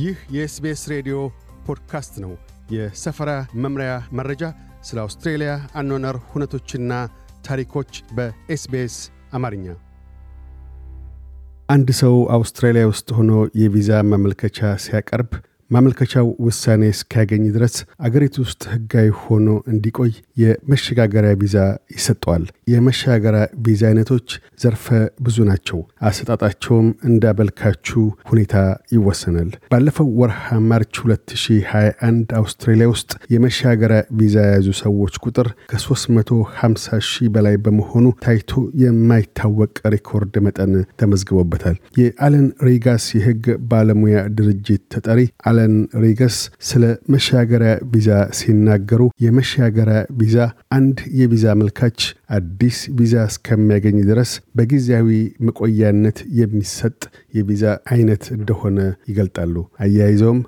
ይህ የኤስቤስ ሬዲዮ ፖድካስት ነው። የሰፈራ መምሪያ መረጃ፣ ስለ አውስትሬልያ አኗኗር ሁነቶችና ታሪኮች በኤስቤስ አማርኛ። አንድ ሰው አውስትራሊያ ውስጥ ሆኖ የቪዛ ማመልከቻ ሲያቀርብ ማመልከቻው ውሳኔ እስኪያገኝ ድረስ አገሪቱ ውስጥ ህጋዊ ሆኖ እንዲቆይ የመሸጋገሪያ ቪዛ ይሰጠዋል። የመሸጋገሪያ ቪዛ አይነቶች ዘርፈ ብዙ ናቸው። አሰጣጣቸውም እንዳበልካቹ ሁኔታ ይወሰናል። ባለፈው ወርሃ ማርች 2021 አውስትራሊያ ውስጥ የመሸጋገሪያ ቪዛ የያዙ ሰዎች ቁጥር ከ350 ሺህ በላይ በመሆኑ ታይቶ የማይታወቅ ሪኮርድ መጠን ተመዝግቦበታል። የአለን ሪጋስ የህግ ባለሙያ ድርጅት ተጠሪ አለ አለን ሪገስ ስለ መሻገሪያ ቪዛ ሲናገሩ የመሻገሪያ ቪዛ አንድ የቪዛ መልካች አዲስ ቪዛ እስከሚያገኝ ድረስ በጊዜያዊ መቆያነት የሚሰጥ የቪዛ አይነት እንደሆነ ይገልጣሉ። አያይዘውም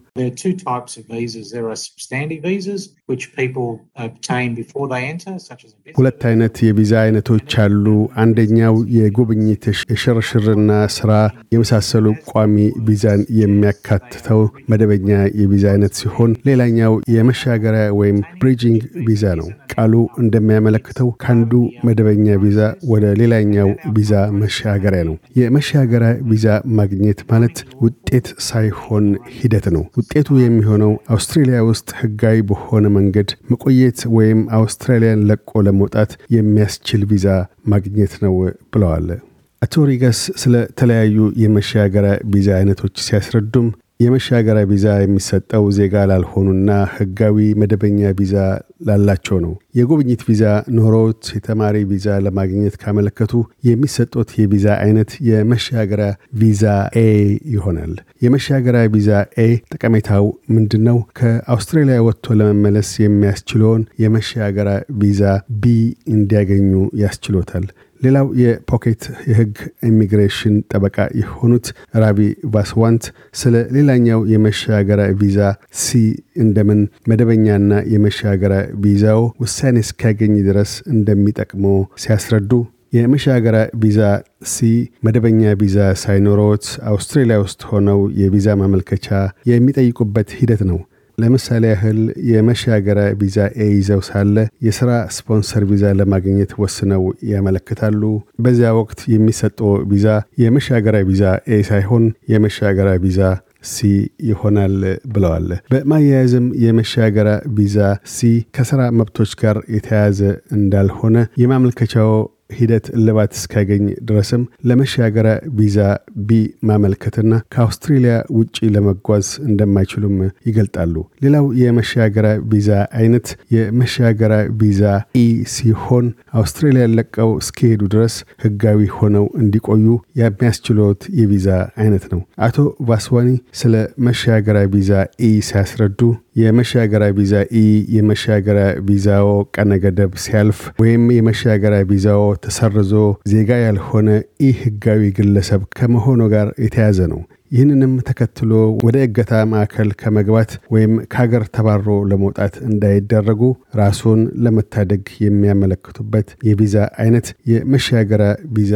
ሁለት አይነት የቪዛ አይነቶች አሉ። አንደኛው የጉብኝት የሽርሽርና ስራ የመሳሰሉ ቋሚ ቪዛን የሚያካትተው መደበኛ አንደኛ የቪዛ አይነት ሲሆን ሌላኛው የመሻገሪያ ወይም ብሪጂንግ ቪዛ ነው። ቃሉ እንደሚያመለክተው ከአንዱ መደበኛ ቪዛ ወደ ሌላኛው ቪዛ መሻገሪያ ነው። የመሻገሪያ ቪዛ ማግኘት ማለት ውጤት ሳይሆን ሂደት ነው። ውጤቱ የሚሆነው አውስትሬሊያ ውስጥ ህጋዊ በሆነ መንገድ መቆየት ወይም አውስትራሊያን ለቆ ለመውጣት የሚያስችል ቪዛ ማግኘት ነው ብለዋል። አቶ ሪጋስ ስለ ተለያዩ የመሻገሪያ ቪዛ አይነቶች ሲያስረዱም የመሻገሪያ ቪዛ የሚሰጠው ዜጋ ላልሆኑና ህጋዊ መደበኛ ቪዛ ላላቸው ነው። የጉብኝት ቪዛ ኖሮት የተማሪ ቪዛ ለማግኘት ካመለከቱ የሚሰጡት የቪዛ አይነት የመሻገሪያ ቪዛ ኤ ይሆናል። የመሻገሪያ ቪዛ ኤ ጠቀሜታው ምንድን ነው? ከአውስትራሊያ ወጥቶ ለመመለስ የሚያስችለውን የመሻገሪያ ቪዛ ቢ እንዲያገኙ ያስችሎታል። ሌላው የፖኬት የህግ ኢሚግሬሽን ጠበቃ የሆኑት ራቢ ቫስዋንት ስለ ሌላኛው የመሻገራ ቪዛ ሲ እንደምን መደበኛና የመሻገራ ቪዛው ውሳኔ እስኪያገኝ ድረስ እንደሚጠቅሞ ሲያስረዱ የመሻገራ ቪዛ ሲ መደበኛ ቪዛ ሳይኖሮት አውስትሬልያ ውስጥ ሆነው የቪዛ ማመልከቻ የሚጠይቁበት ሂደት ነው። ለምሳሌ ያህል የመሻገሪያ ቪዛ ኤ ይዘው ሳለ የስራ ስፖንሰር ቪዛ ለማግኘት ወስነው ያመለክታሉ። በዚያ ወቅት የሚሰጠው ቪዛ የመሻገሪያ ቪዛ ኤ ሳይሆን የመሻገሪያ ቪዛ ሲ ይሆናል ብለዋል። በማያያዝም የመሻገሪያ ቪዛ ሲ ከስራ መብቶች ጋር የተያያዘ እንዳልሆነ የማመልከቻው ሂደት እልባት እስካገኝ ድረስም ለመሻገረ ቪዛ ቢ ማመልከትና ከአውስትሬልያ ውጪ ለመጓዝ እንደማይችሉም ይገልጣሉ። ሌላው የመሻገረ ቪዛ አይነት የመሻገረ ቪዛ ኢ ሲሆን አውስትሬልያ ለቀው እስከሄዱ ድረስ ህጋዊ ሆነው እንዲቆዩ የሚያስችሎት የቪዛ አይነት ነው። አቶ ቫስዋኒ ስለ መሻገረ ቪዛ ኢ ሲያስረዱ የመሻገራ ቪዛ ኢ የመሻገራ ቪዛዎ ቀነገደብ ሲያልፍ ወይም የመሻገራ ቪዛዎ ተሰርዞ ዜጋ ያልሆነ ኢ ህጋዊ ግለሰብ ከመሆኑ ጋር የተያዘ ነው። ይህንንም ተከትሎ ወደ እገታ ማዕከል ከመግባት ወይም ከሀገር ተባሮ ለመውጣት እንዳይደረጉ ራሱን ለመታደግ የሚያመለክቱበት የቪዛ አይነት የመሻገራ ቪዛ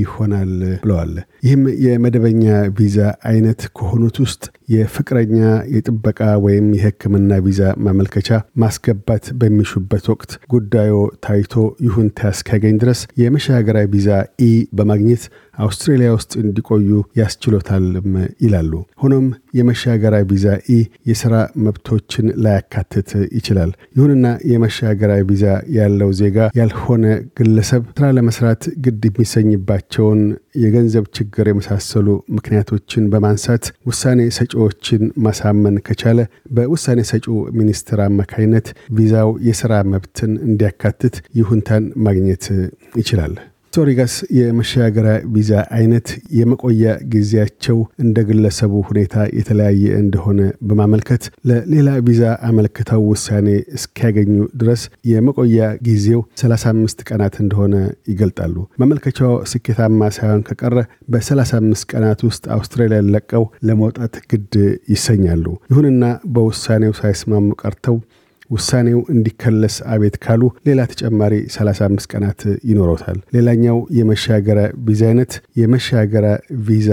ይሆናል ብለዋል። ይህም የመደበኛ ቪዛ አይነት ከሆኑት ውስጥ የፍቅረኛ የጥበቃ ወይም የሕክምና ቪዛ ማመልከቻ ማስገባት በሚሹበት ወቅት ጉዳዩ ታይቶ ይሁንታ እስኪያገኝ ድረስ የመሻገሪያ ቪዛ ኢ በማግኘት አውስትሬሊያ ውስጥ እንዲቆዩ ያስችሎታልም ይላሉ። ሆኖም የመሻገሪያ ቪዛ ኢ የሥራ መብቶችን ላያካትት ይችላል። ይሁንና የመሻገሪያ ቪዛ ያለው ዜጋ ያልሆነ ግለሰብ ስራ ለመስራት ግድ የሚሰኝባቸው ያላቸውን የገንዘብ ችግር የመሳሰሉ ምክንያቶችን በማንሳት ውሳኔ ሰጪዎችን ማሳመን ከቻለ በውሳኔ ሰጪው ሚኒስትር አማካኝነት ቪዛው የሥራ መብትን እንዲያካትት ይሁንታን ማግኘት ይችላል። ቪክቶር ሪጋስ የመሻገሪያ ቪዛ አይነት የመቆያ ጊዜያቸው እንደ ግለሰቡ ሁኔታ የተለያየ እንደሆነ በማመልከት ለሌላ ቪዛ አመልክተው ውሳኔ እስኪያገኙ ድረስ የመቆያ ጊዜው 35 ቀናት እንደሆነ ይገልጣሉ። ማመልከቻው ስኬታማ ሳይሆን ከቀረ በ35 ቀናት ውስጥ አውስትራሊያን ለቀው ለመውጣት ግድ ይሰኛሉ። ይሁንና በውሳኔው ሳይስማሙ ቀርተው ውሳኔው እንዲከለስ አቤት ካሉ ሌላ ተጨማሪ 35 ቀናት ይኖረውታል። ሌላኛው የመሻገሪያ ቪዛ አይነት የመሻገሪያ ቪዛ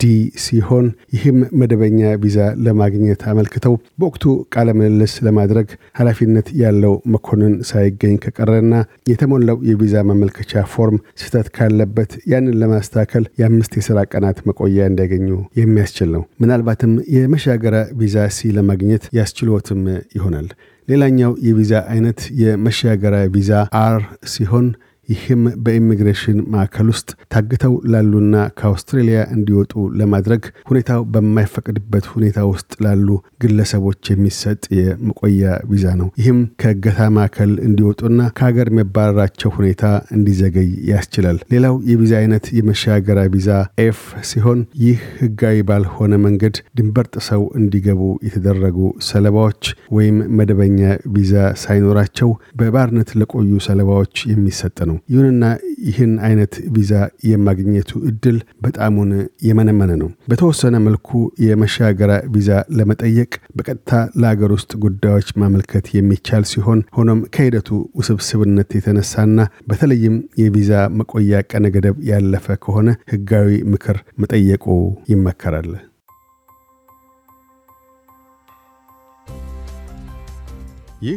ዲ ሲሆን ይህም መደበኛ ቪዛ ለማግኘት አመልክተው በወቅቱ ቃለ ምልልስ ለማድረግ ኃላፊነት ያለው መኮንን ሳይገኝ ከቀረና የተሞላው የቪዛ ማመልከቻ ፎርም ስህተት ካለበት ያንን ለማስተካከል የአምስት የሥራ ቀናት መቆያ እንዲያገኙ የሚያስችል ነው። ምናልባትም የመሻገሪያ ቪዛ ሲ ለማግኘት ያስችሎትም ይሆናል። ሌላኛው የቪዛ አይነት የመሻገሪያ ቪዛ አር ሲሆን ይህም በኢሚግሬሽን ማዕከል ውስጥ ታግተው ላሉና ከአውስትሬልያ እንዲወጡ ለማድረግ ሁኔታው በማይፈቅድበት ሁኔታ ውስጥ ላሉ ግለሰቦች የሚሰጥ የመቆያ ቪዛ ነው። ይህም ከእገታ ማዕከል እንዲወጡና ከሀገር የሚባረራቸው ሁኔታ እንዲዘገይ ያስችላል። ሌላው የቪዛ አይነት የመሻገሪያ ቪዛ ኤፍ ሲሆን ይህ ህጋዊ ባልሆነ መንገድ ድንበር ጥሰው እንዲገቡ የተደረጉ ሰለባዎች ወይም መደበኛ ቪዛ ሳይኖራቸው በባርነት ለቆዩ ሰለባዎች የሚሰጥ ነው። ነው። ይሁንና ይህን አይነት ቪዛ የማግኘቱ እድል በጣሙን የመነመነ ነው። በተወሰነ መልኩ የመሻገራ ቪዛ ለመጠየቅ በቀጥታ ለአገር ውስጥ ጉዳዮች ማመልከት የሚቻል ሲሆን ሆኖም ከሂደቱ ውስብስብነት የተነሳና በተለይም የቪዛ መቆያ ቀነ ገደብ ያለፈ ከሆነ ህጋዊ ምክር መጠየቁ ይመከራል። ይህ